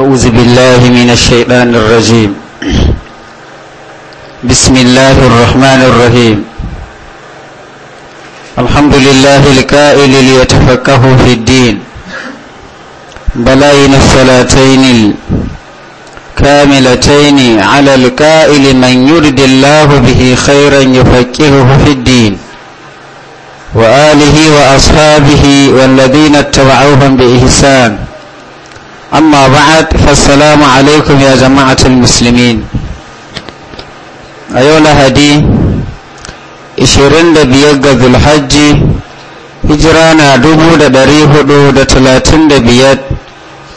أعوذ بالله من الشيطان الرجيم بسم الله الرحمن الرحيم الحمد لله الكائل ليتفكه في الدين بلاين الصلاتين الكاملتين على الكائل من يرد الله به خيرا يفكهه في الدين وآله وأصحابه والذين اتبعوهم بإحسان أما بعد فالسلام عليكم يا جماعة المسلمين أيها الهدي إشيرين دبيق ذو الحج هجرانا دبو دريه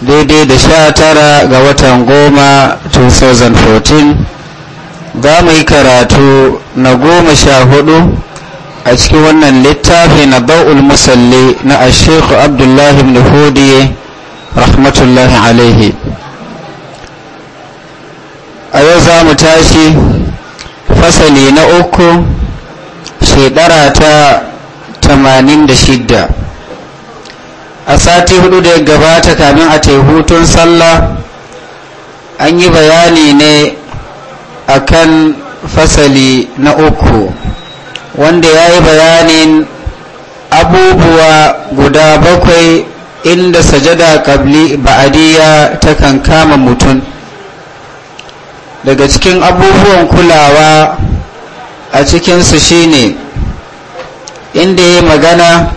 daidai da sha tara ga watan goma 2014 za mu yi karatu na goma sha hudu a cikin wannan littafi na ba'ul musalli na ashekhu abdullahi ibn rahmatullahi alaihi a yau za mu tashi fasali na uku shekara ta 86 a sati hudu da ya gabata kamin a hutun sallah an yi bayani ne akan fasali na uku wanda ya yi bayanin abubuwa guda bakwai inda sajada kabli ba'adiyya ta kan kama mutum daga cikin abubuwan kulawa a cikinsu shine inda ya magana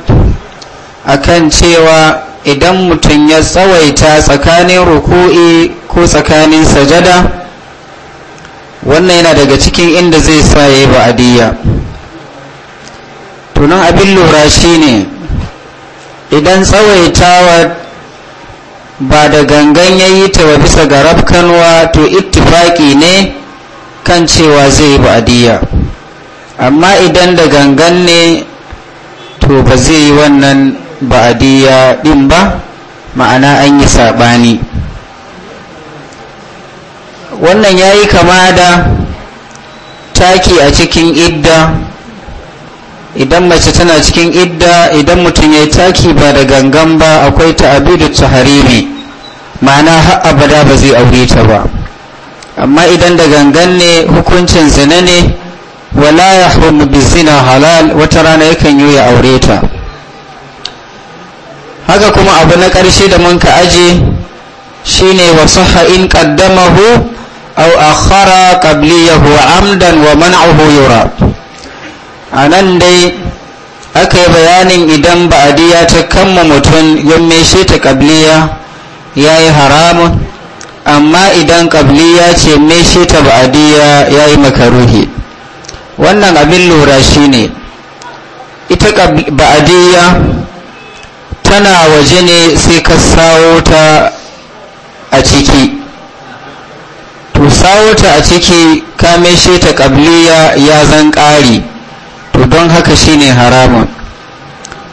akan cewa idan mutum ya tsawaita tsakanin ruku'i ko tsakanin sajada wannan yana daga cikin inda zai sa ya yi ba'adiyya tunan abin lura shine idan tsawaitawa ba da gangan ya yi ta wa bisa ga rafkanwa to ittifaki ne kan cewa zai yi ba'adiyya amma idan da gangan ne to ba zai yi wannan ba'adiyya din ba ma'ana an yi saɓani wannan ya yi kama da taki a cikin idda idan mace tana cikin idda idan mutum ya taki ba da gangan ba akwai ta'abidu taharimi ma'ana har abada ba zai aure ta ba amma idan da gangan ne hukuncin zina ne wala ya haramu bi zina halal wata rana yakan yi ya aure ta haka kuma abu na ƙarshe da mun ka aje shine wa sahha in qaddamahu aw akhara qabliyahu amdan wa man'uhu a nan dai aka yi bayanin idan ba'adiyya ta kama mutum ya shi ta ƙabliya ya yi haramun amma idan ƙabliya ce shi ta ba'adiyya ya yi makaruhi wannan abin lura shi ne ita ba'adiyya tana waje ne sai ka sawo ta a ciki to sawo ta a ciki ka shi ta ƙabliya ya zan ƙari to don haka shine haramun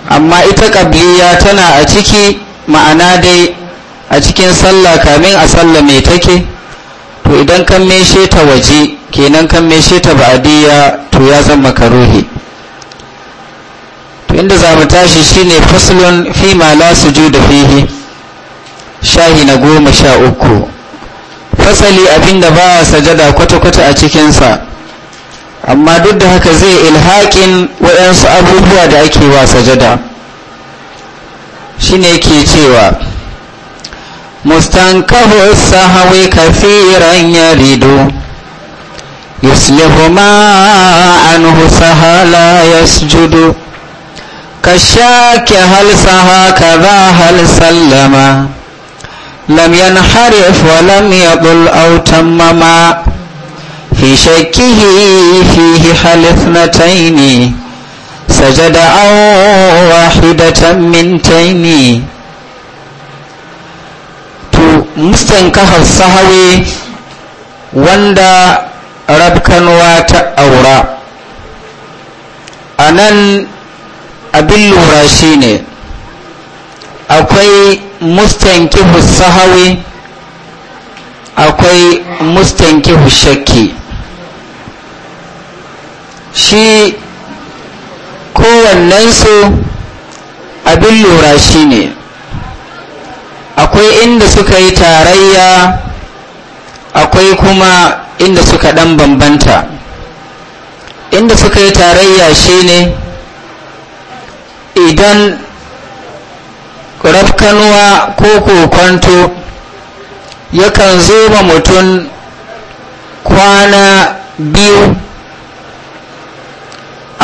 amma ita ƙabliya tana a ciki ma'ana dai a cikin sallah kamin a sallah mai take to idan kan meshe ta waje kenan kan meshe ta ba'adiyya to ya zan karuhi to inda za mu tashi shine faslun fi ma la da fihi shahi na goma sha uku fasali abinda ba sajada kwata-kwata a cikinsa amma duk da haka zai ilhaƙin waɗansu abubuwa da ake wa sajada shine ke cewa mustankahu sahawi kafiran yarido yuslihu ma anhu sahala yasjudu كالشاك هل سها كذا هل سلما لم ينحرف ولم يضل أو تمما بشكه فيه حل اثنتين سجد أو واحدة من تين مستنكه الصهوي ta aura تأورا anan abin lura shi ne akwai mustankihu sahawi akwai mustankihu shakki shi kowannensu abin lura shi ne akwai inda suka yi tarayya akwai kuma inda suka ɗan bambanta inda suka yi tarayya shine idan rafkanuwa ko kokonto yakan zo ma mutum kwana biyu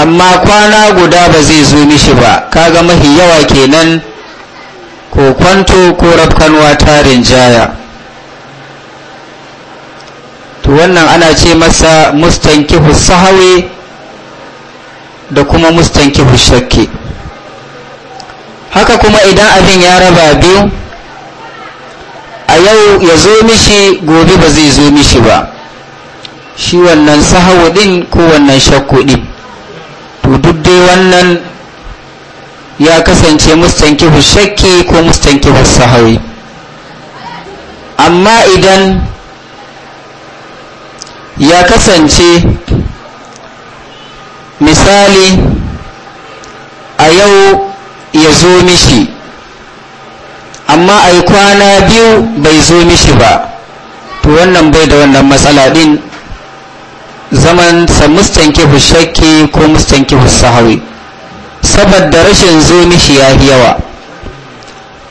amma kwana guda ba zai zo mishi ba kaga mahi yawa kenan ko kwanto ko rafkanwa tarin jaya to wannan ana ce masa mustankihu sahawi da kuma mustankihu shakki haka kuma idan abin ya raba biyu a yau ya zo mishi gobe ba zai zo mishi ba shi wannan sahawu din ko wannan shakku din to duk dai wannan ya kasance mustankihu shakki ko mustankihu sahawi amma idan ya kasance misali a yau ya zo mishi amma a yi kwana biyu bai zo mishi ba to wannan bai da wannan matsala din zaman samustankifu shakki ko mustankifu sahawi saboda rashin zo mishi ya yi yawa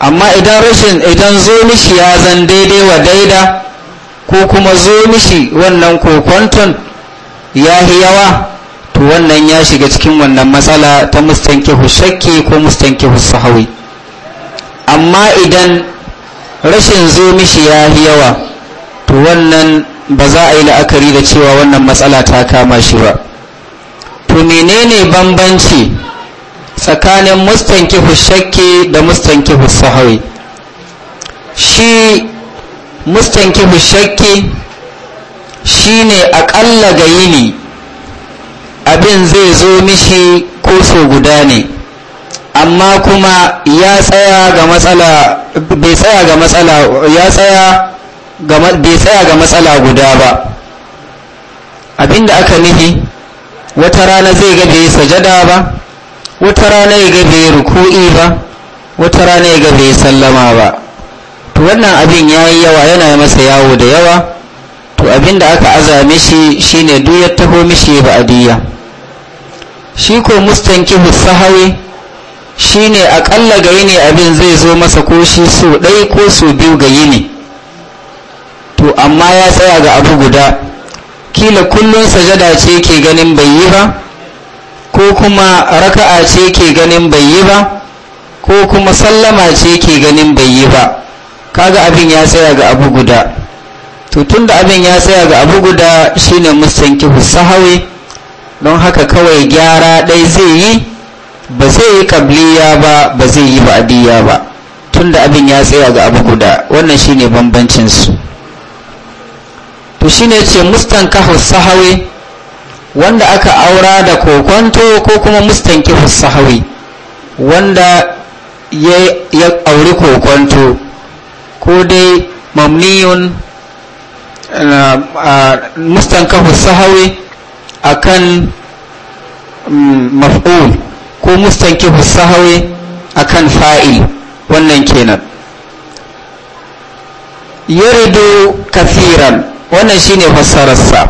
amma idan rashin idan zo mishi ya zan daidai wa daida ko kuma zo mishi wannan kokonton ya yi yawa to wannan ya shiga cikin wannan matsala ta mustankifu shakki ko mustankifu sahawi amma idan rashin zo mishi ya yi yawa to wannan ba za a yi la'akari da cewa wannan matsala ta kama shi ba to menene bambanci tsakanin mustanki shakki da mustanki sahawi shi mustanki shakki ne aƙalla ga yini abin zai zo mishi ko so guda ne amma kuma ya bai tsaya ga matsala ya tsaya bai tsaya ga matsala guda ba abinda aka nihi wata rana zai ga bai sajada ba wata rana ya ga bai ruku'i ba wata rana ya ga bai sallama ba to wannan abin ya yi yawa yana masa yawo da yawa to abinda aka aza mishi shine duk ya taho mishi ba'adiyya shi ko mustankihu sahawi shine akalla ga yini abin zai zo masa ko shi so ɗai ko sau biyu ga yini to amma ya tsaya ga abu guda kila kullum sajada ce ke ganin bai yi ba ko kuma raka'a ce ke ganin bai yi ba ko kuma sallama ce ke ganin bai yi ba kaga abin ya tsaya ga abu guda to tunda abin ya tsaya ga abu guda shine musanki sahawi don haka kawai gyara ɗai zai yi ba zai yi kabliya ba ba zai yi ba'adiyya ba tunda abin ya tsaya ga abu guda wannan shine bambancin su to shine yace mustankahu sahawi wanda aka aura da kokonto ko kuma mustankihu sahawi wanda ya auri kokonto ko dai mamniyun mustankahu sahawi akan mm, maf'ul ko mustankihu sahawi akan fa'il wannan kenan yuridu kathiran wannan shine fassararsa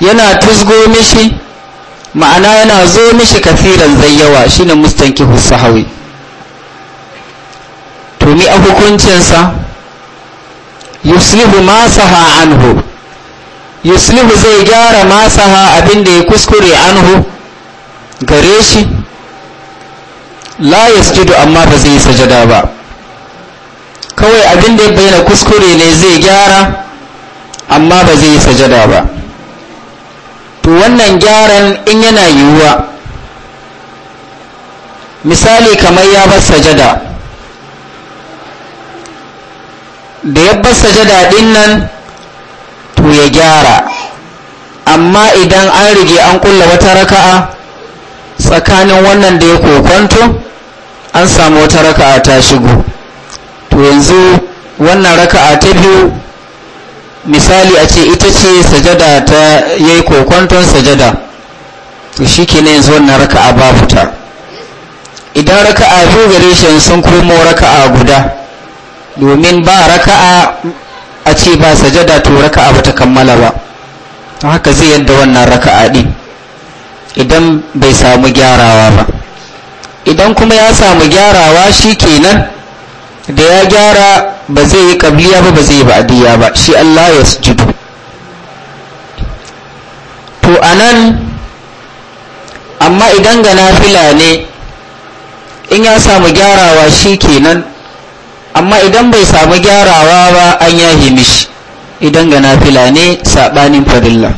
yana tusgo mishi ma'ana yana zo mishi kafiran zayyawa shine mustanki sahawi to ni a hukuncinsa yuslihu masaha anhu zai gyara masaha saha abinda ya kuskure anhu gare shi la yasjudu amma ba zai sajada ba kawai abinda ya bayyana kuskure ne zai gyara amma ba zai yi sajada ba to wannan gyaran in yana yiwuwa misali kamar ya bar sajada da ya bar sajada din nan to ya gyara amma idan an rige an kulla wata raka'a tsakanin wannan da ya kokonto an samu wata raka'a ta shigo to yanzu wannan raka'a ta biyu misali a ce ita ce sajada ta yayi kokonton sajada to shi yanzu wannan raka'a babu ta idan raka'a biyu gare shi sun komo raka'a guda domin ba raka'a a ce ba sajada to raka'a ba ta kammala ba ta haka zai yadda wannan raka'a din idan bai samu gyarawa ba idan kuma ya samu gyarawa shi kenan da ya gyara ba zai yi kabliya ba ba zai yi ba'adiyya ba shi Allah ya sujudu to nan amma idan ga nafila ne in ya samu gyarawa shi kenan amma idan bai samu gyarawa ba an ya mishi idan ga nafila ne saɓanin farilla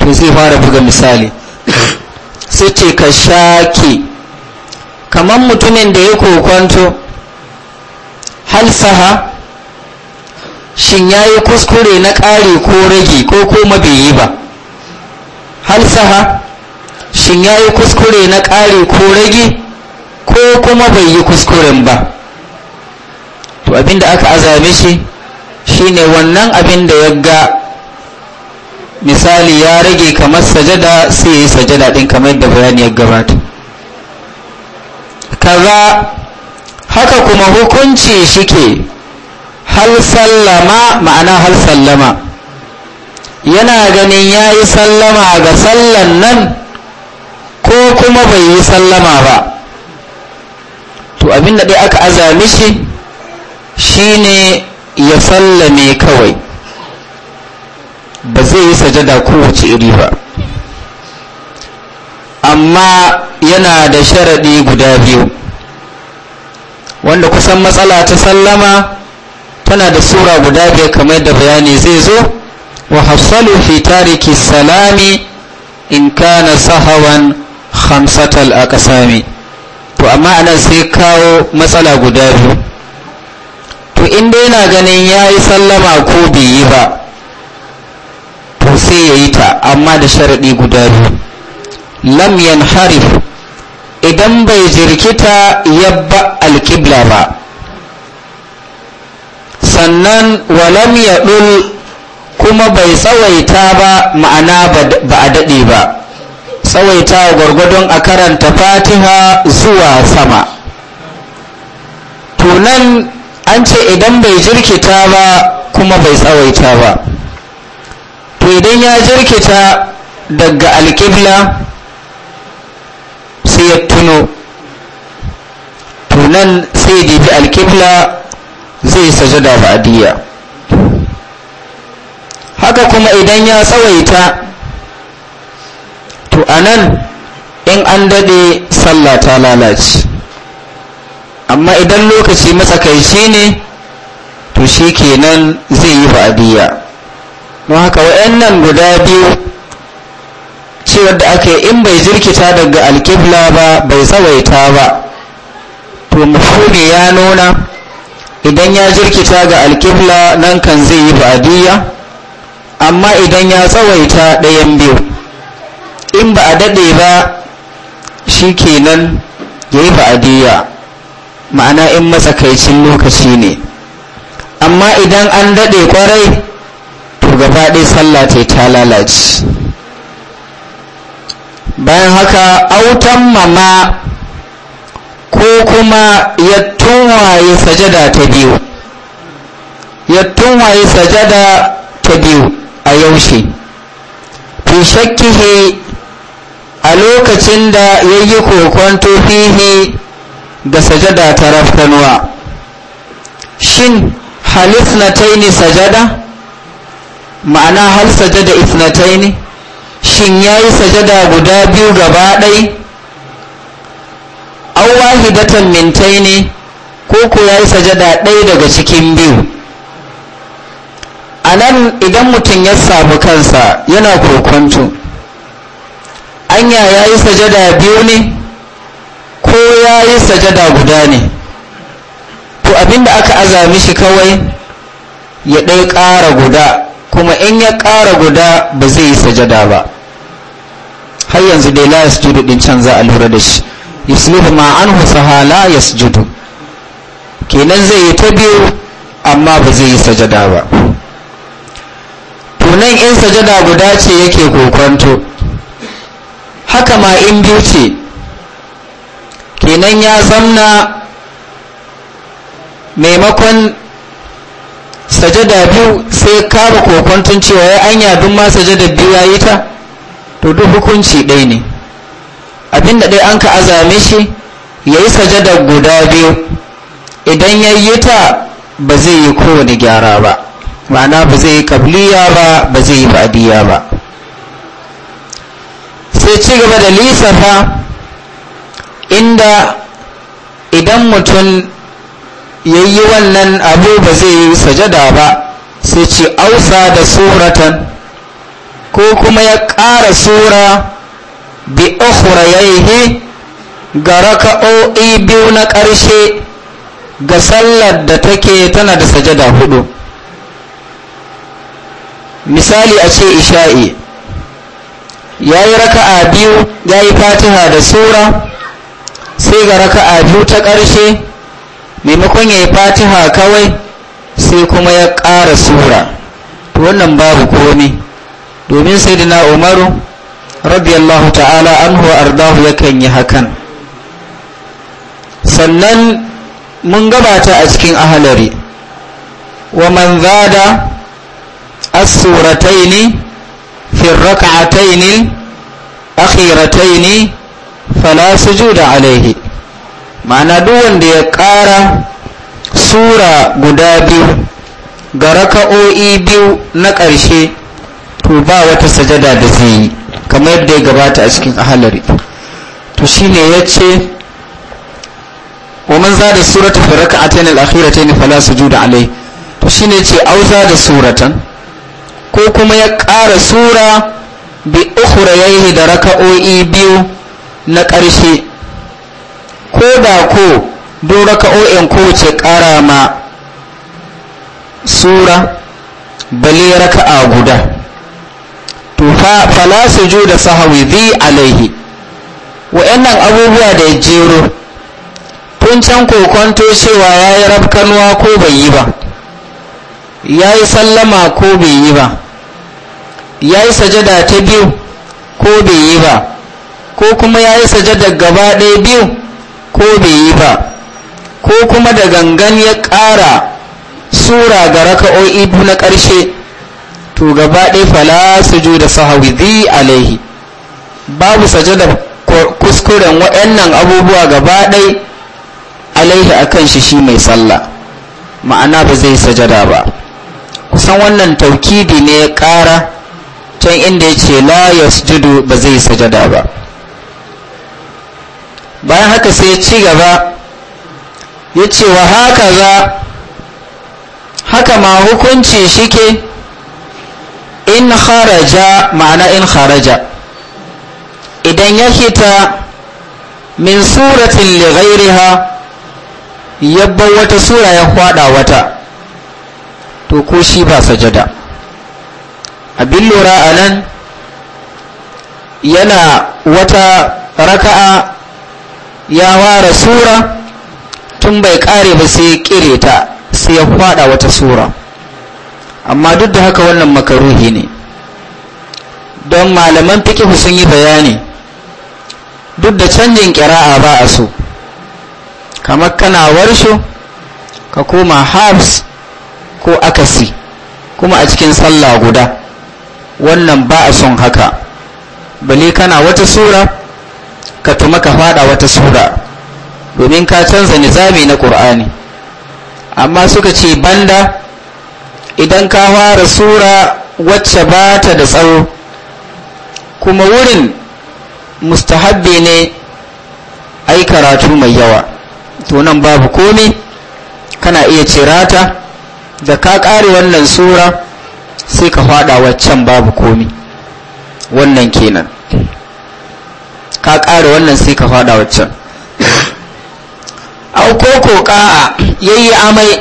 to zai fara buga misali sai ce ka shaki kamar mutumin da ya kokwanto hal saha shin ya yi kuskure na ƙare ko rage ko kuma bai yi ba hal saha shin ya yi kuskure na ƙare ko rage ko kuma bai yi kuskuren ba to abinda aka azame shi shine wannan abin da ya ga misali ya rage kamar sajada sai ya yi sajada ɗin kamar da bayani ya gabata kaza haka kuma hukunci shike hal sallama ma'ana hal sallama yana ganin ya yi sallama ga sallan nan ko kuma bai yi sallama ba to abin da dai aka azami shi shi ne ya sallame kawai ba zai yi sajada kowace iri ba amma yana da sharaɗi guda biyu wanda kusan matsala ta sallama tana da sura guda biyar kamar da bayani zai zo wa hafsalu fi tariki salami in kana sahawan hamsatal a to amma anan sai kawo matsala guda biyu to in dai yana ganin yi sallama ko bai yi ba to sai ya yi ta amma da sharaɗi guda biyu lam yanharif idan bai jirkita yabba alkibla ba sannan walam ya ɗul kuma bai tsawaita ba ma'ana ba a daɗe ba tsawaita gwargwadon a karanta fatiha zuwa sama tunan an ce idan bai jirkita ba kuma bai tsawaita ba to idan ya jirkita daga alkibla. sai ya tunan sai jibi alkibla zai sajada ba'adiyya haka kuma idan ya tsawaita to anan in an daɗe sallah ta lalace amma idan lokaci matsakaici ne to shi kenan zai yi ba'adiyya don haka wa'annan guda biyu cewar da aka yi in bai jirkita daga alƙibla ba bai tsawaita ba to mafumi ya nuna idan ya jirkita ga alƙibla nan kan zai yi ba'adiyya amma idan ya tsawaita ɗayan biyu in ba a daɗe ba shi kenan ya yi ba'adiyya ma'ana in matsakaicin lokaci ne amma idan an daɗe kwarai to gaba ɗaya sallah ta lalace bayan haka autan mama ko kuma ya tunwaye sajada ta biyu ya tunwaye sajada ta biyu a yaushe fi shakkihi a lokacin da ya yi kokonto fihi da sajada ta rafkanuwa shin ta yi ne sajada ma'ana hal sajada ne. shin ya yi sajada guda biyu gaba ɗai an hidatan mintai ne ko ku ya yi sajada ɗai daga cikin biyu a nan idan mutum ya samu kansa yana kokonto anya ya yi sajada biyu ne ko ya yi sajada guda ne to abinda aka azami shi kawai ya ɗai ƙara guda kuma in ya ƙara guda ba zai yi sajada ba har yanzu dai la yasjudu din can za a lura da shi yusluhu ma anhu sahala yasjudu kenan zai yi ta biyu amma ba zai yi sajada ba tunan in sajada guda ce yake kokonto haka ma in biyu ce kenan ya zamna maimakon sajada biyu sai kama kokwantun cewa ya anya duk ma sajada biyu ya yi ta to duk hukunci ɗaya ne abinda ɗaya an ka azame shi ya yi sajada guda biyu idan ya yi ta ba zai yi kowane gyara ba ma'ana ba zai yi kabliya ba ba zai yi badiya ba sai ci gaba da lisafa inda idan mutum yayi wannan abu ba zai yi sajada ba sai ci ausa da suratan ko kuma ya ƙara sura bi ukhrayaihi ga raka'o'i biyu na ƙarshe ga sallar da take tana da sajada hudu misali a ce isha'i ya yi raka'a biyu ya yi fatiha da sura sai ga raka'a biyu ta ƙarshe maimakon ya yi fatiha kawai sai kuma ya ƙara sura to wannan babu komi domin sai dina umaru radiyallahu ta'ala anhu ardahu yakan yi hakan sannan mun gabata a cikin ahalari wa man zada as-surataini fi rak'ataini akhirataini fala alaihi ma'ana duk wanda ya ƙara sura guda biyu ga raka'o'i biyu na ƙarshe to ba wata sajada da zai yi kamar yadda ya gabata a cikin ahalari to shine ya ce wa man za da surata fi raka'atain al-akhiratain fala sujuda alai to shine ne ce auza da suratan ko kuma ya ƙara sura bi ukhrayaihi da raka'o'i biyu na ƙarshe ko da ko duk ko kowace ƙara ma sura bale A guda to fala su da sahawi bi alaihi wa'annan abubuwa da ya jero tun can kokonto cewa ya yi rafkanuwa ko bai yi ba ya yi sallama ko bai yi ba ya yi sajada ta biyu ko bai yi ba ko kuma ya yi sajada gaba ɗaya biyu ko bai yi ba ko kuma da gangan ya ƙara sura ga raka'o'i biyu na ƙarshe to gaba ɗaya fala ju da sahawizi alaihi babu saje da kuskuren waɗannan abubuwa gaba ɗaya alaihi akan shi shi mai sallah ma'ana ba zai sajada ba kusan wannan taukidi ne ya ƙara can inda ya ce la yasjudu ba zai sajada ba bayan haka sai ya ci gaba ya ce wa haka za haka ma hukunci shike in kharaja ma'ana in kharaja idan ya hita min suratin lighairiha yabba wata sura ya kwada wata to ko shi ba sajada abin lura a nan yana wata raka'a ya ware sura tun bai kare ba sai ya kire ta sai ya fada wata sura amma duk da haka wannan makaruhi ne don malaman fikihu sun yi bayani duk da canjin kira'a ba a so kamar kana warsho ka koma habs ko akasi kuma a cikin sallah guda wannan ba a son haka bale kana wata sura ka tuma ka fada wata sura domin ka canza nizami na ƙur'ani amma suka ce banda idan ka fara sura wacce ba ta da tsawo kuma wurin mustahabbi ne ai karatu mai yawa to nan babu komi kana iya cirata da ka ƙare wannan sura sai ka fada waccan babu komi wannan kenan ka ƙara wannan sai ka faɗa waccan aukoko ƙa'a ya yi amai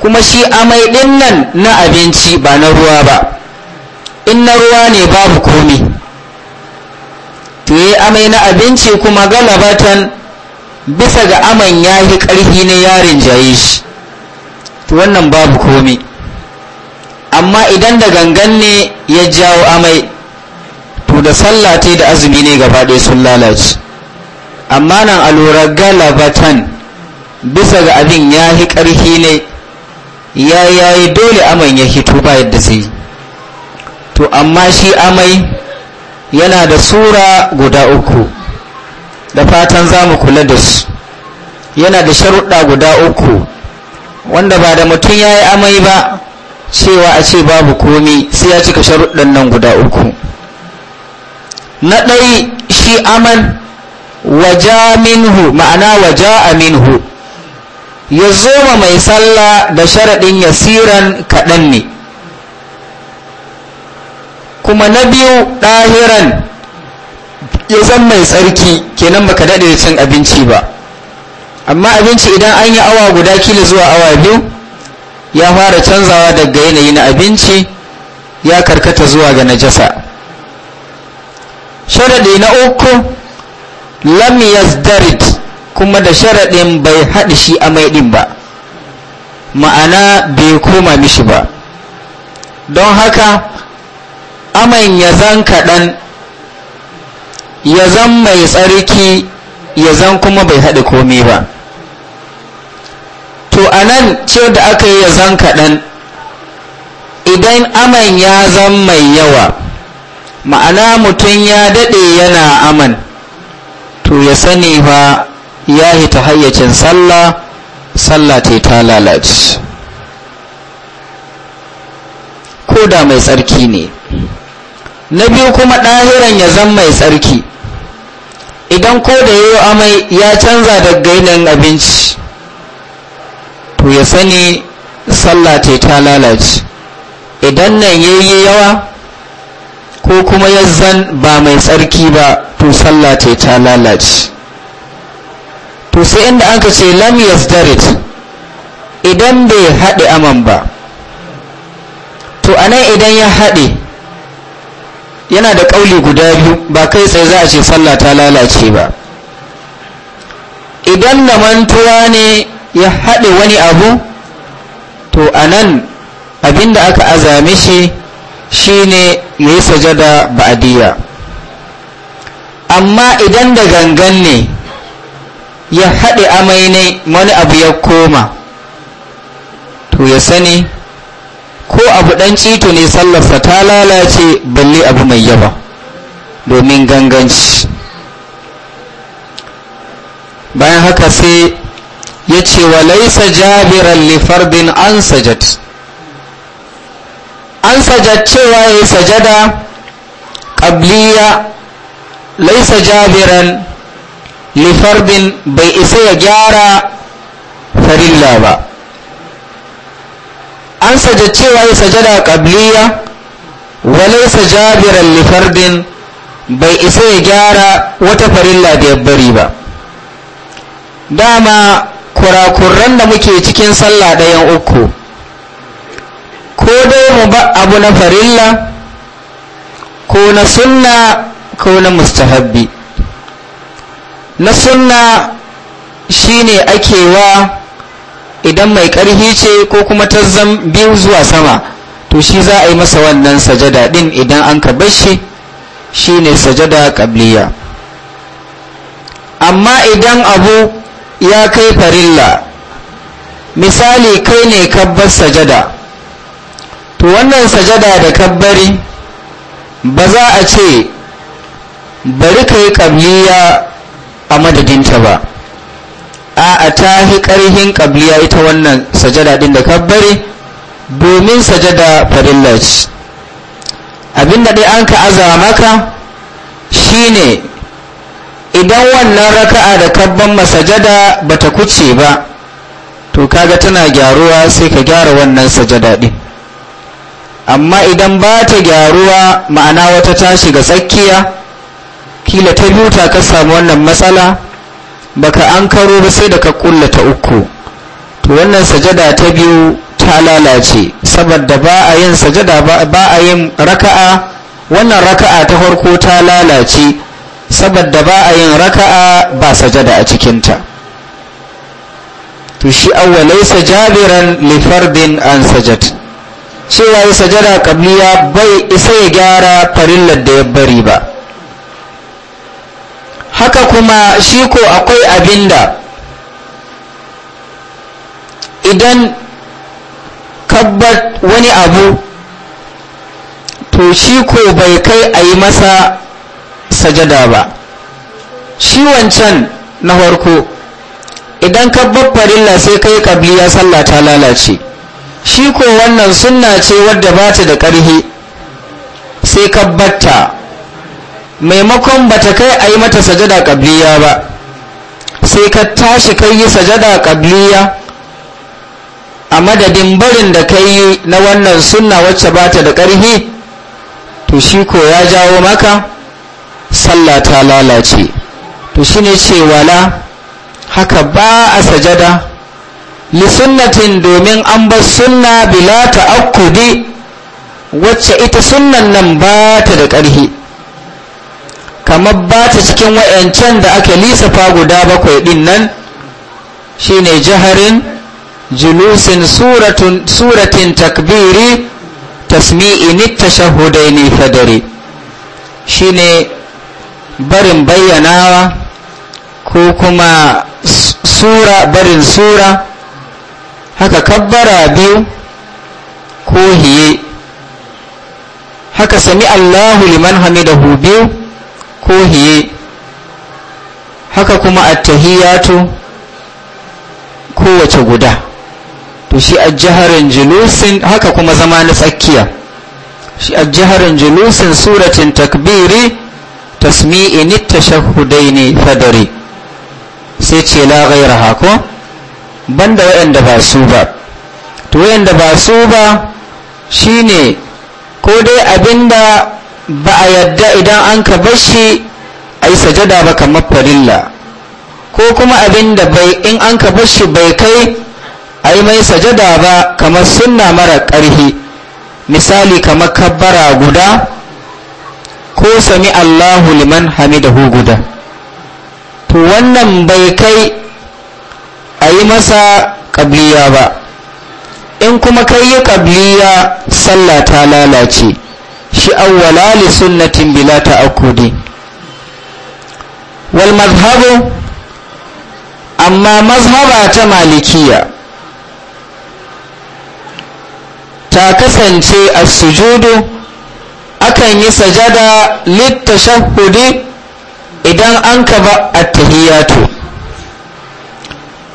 kuma shi amai ɗin nan na abinci ba na ruwa ba in na ruwa ne babu komi to ya yi amai na abinci kuma galabatan bisa ga aman ya yi ƙarfi na yarin jaye shi to wannan babu komi amma idan da gangan ne ya jawo amai to da sallah ta da azumi ne gaba ɗaya sun lalace amma nan a lura galabatan bisa ga abin ya yi ƙarfi ne ya yayi dole aman ya hito ba yadda yi to amma shi amai yana da sura guda uku da fatan za mu kula da su yana da sharuɗa guda uku wanda ba da mutum ya yi amai ba cewa a ce babu komi sai ya cika sharuɗan nan guda uku na ɗai shi aman waja minhu ma'ana waja minhu ya zoma mai sallah da sharaɗin yasiran kaɗan ne kuma na biyu ɗahiran ya zan mai tsarki kenan baka daɗe da cin abinci ba amma abinci idan an yi awa guda kila zuwa awa biyu ya fara canzawa daga yanayi na abinci ya karkata zuwa ga najasa sharaɗi na uku lamiyas darit kuma da sharaɗin bai haɗi shi amai ɗin ba ma'ana bai koma mishi ba don haka aman ya zan kaɗan ya zan mai tsarki ya zan kuma bai haɗi komi ba to a nan ce da aka yi ya zan kaɗan idan aman ya zan mai yawa ma'ana mutum ya daɗe yana aman to ya sani ba ya hita hayyacin sallah sallah ta ta lalace ko da mai tsarki ne na biyu kuma ɗahiran ya zan mai tsarki idan ko da yi amai ya canza da gainin abinci to ya sani sallah ta ta lalace idan nan yayi yawa ko kuma ya zan ba mai tsarki ba to sallah ce ta lalace to sai inda aka ce lam yazdarit idan bai haɗe aman ba to a nan idan ya haɗe yana da ƙauli guda biyu ba kai tsaye za a ce sallah ta lalace ba idan da mantuwa ne ya haɗe wani abu to a nan abinda aka azame shi shine ya yi sajada ba'adiyya amma idan da gangan ne ya haɗe amai ne wani abu ya koma to ya sani ko abu ɗan cito ne sallarsa ta lalace balle abu mai yaba domin ganganci bayan haka sai ya ce wa laisa jabiran lifardin an sajat an cewa ya yi sajada ƙabliya laisa jabiran lifardin bai isa ya gyara farilla ba an cewa ya yi sajada ƙabliya wa laisa jabiran lifardin bai isa ya gyara wata farilla da ya bari ba dama kurakuran da muke cikin sallah ɗayan uku ko dai mu ba abu na farilla ko na sunna ko na mustahabbi na sunna shine akewa idan mai ƙarfi ce ko kuma tazzan biyu zuwa sama to shi za a yi masa wannan sajada din idan an karɓar shi shine sajada ƙabliya amma idan abu ya kai farilla misali kai ne kabbar sajada to wannan sajada da kabbari ba za a ce bari ka yi kabliya a madadinta ba a ta fi ƙarhin kabliya ita wannan sajada ɗin da kabbari domin sajada farillaj abinda dai an ka aza maka shine idan wannan raka'a da kabban masajada ta kuce ba to kaga tana gyaruwa sai ka gyara wannan sajada din amma idan ba ta gyaruwa ma'ana wata ta shiga tsakiya kila ta biyu ta ka samu wannan matsala baka an karo ba sai da ka kulla ta uku to wannan sajada ta biyu ta lalace saboda ba a yin sajada ba a yin raka'a wannan raka'a ta farko ta lalace saboda ba a yin raka'a ba sajada a cikinta to shi awwalaisa jabiran li fardin an sajada cewa ya sajada kabliya bai isa ya gyara farillar da ya bari ba haka kuma shi ko akwai abinda idan kabbar wani abu to shi ko bai kai a yi masa sajada ba shi wancan na farko idan kabbar farilla sai kai kabliya sallah ta lalace shi ko wannan sunna ce wadda ba ta da ƙarfi sai ka batta maimakon ba ta kai a yi mata sajada ƙabliya ba sai ka tashi kai yi sajada ƙabliya a madadin barin da kai yi na wannan sunna wacce ba ta da ƙarfi to shi ko ya jawo maka sallah ta lalace to shi ne ce wala haka ba a sajada lisunnatin domin an bar sunna bila ta'akkudi wacce ita sunnan nan ba ta da ƙarfi. kamar ba ta cikin wa'yancan da aka lissafa guda bakwai ɗin nan shine jaharin julusin suratin takbiri tasmi'ini tashahudaini Shi ne barin bayyanawa ko kuma sura barin sura haka kabbara biyu ko hiye haka sami allahu liman hamidahu biyu ko hiye haka kuma attahiyatu kowace guda to shi a jiharin julusin haka kuma zama na tsakiya shi a jiharin julusin suratin takbiri tasmi'in ne fadari sai ce la ghairaha ko banda waɗanda ba su ba to waɗanda ba su ba shine ko dai abinda ba a yadda idan an ka bashi a yi sajada ba kamar farilla ko kuma abinda bai in an ka bashi bai kai a yi mai sajada ba kamar sunna mara ƙarhi misali kamar kabbara guda ko sami allahu liman hamidahu guda to wannan bai kai a yi masa ƙabliya ba in kuma kai yi ƙabliya sallah ta lalace shi awwala li sunnatin bila ta'akkudi wal mazhabu amma mazhaba ta malikiya ta kasance a sujudu akan yi sajada littashahudi idan an ka ba attahiyatu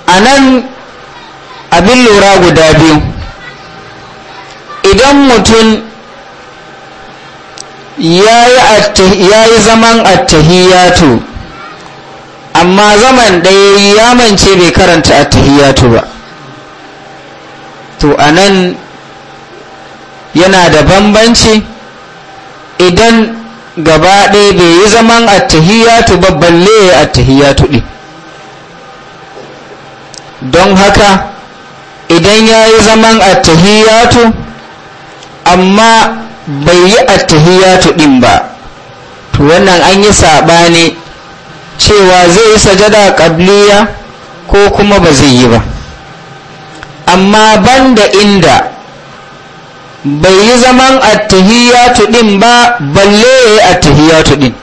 a nan abin lura guda biyu idan mutum ya yi zaman attahiyatu amma zaman ɗaya ya mance bai karanta attahiyatu ba to a nan yana da bambanci idan gaba ɗaya bai yi zaman attahiyatu ba balle attahiyatu ɗin don haka idan ya yi zaman attahiyatu amma bai yi attahiyatu ɗin ba to wannan an yi saɓani cewa zai yi sajada ƙabliya ko kuma ba zai yi ba amma banda inda bai yi zaman attahiyatu ɗin ba balle ya yi attahiyatu ɗin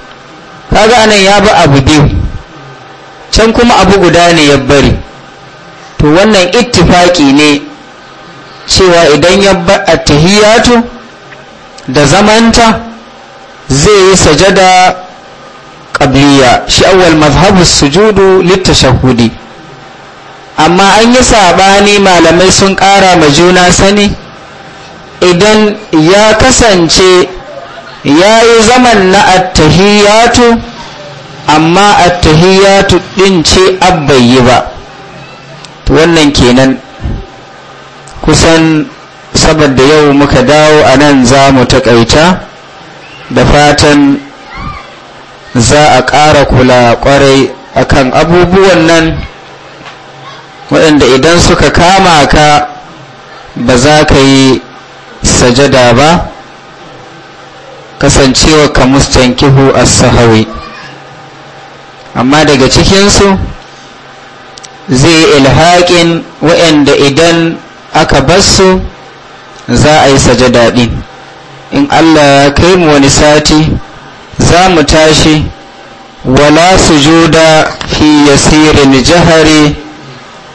kaga anan ya bi abu biyu can kuma abu guda ne ya bari to wannan ittifaki ne cewa idan ya ba a attahiyatu da zamanta zai yi sajada qabliya shi awwal mazhabu sujudu litashahhudi amma an yi saɓani malamai sun ƙara ma juna sani idan ya kasance ya yi zaman na attahiyatu amma attahiyatu ɗin ce abbayi ba wannan kenan kusan saboda yau muka dawo a nan za mu taƙaita da fatan za a ƙara kula ƙwarai akan abubuwan nan waɗanda idan suka kama ka ba za ka yi sajada ba kasancewa ka mustankihu a sahawi amma daga cikinsu zai ilhaƙin waɗanda idan aka basu za a yi sajadaɗi in allah ya kai mu wani sati za mu tashi wala sujuda fi yasirin jihari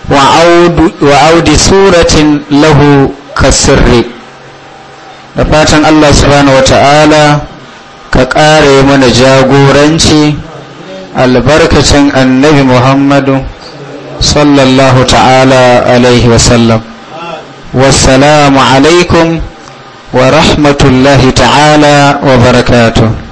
wa audi suratin lahu kasirri da fatan allah subhanahu wa ta'ala ka ƙare mana jagoranci albarkacin annabi muhammadu صلى الله تعالى عليه وسلم والسلام عليكم ورحمة الله تعالى وبركاته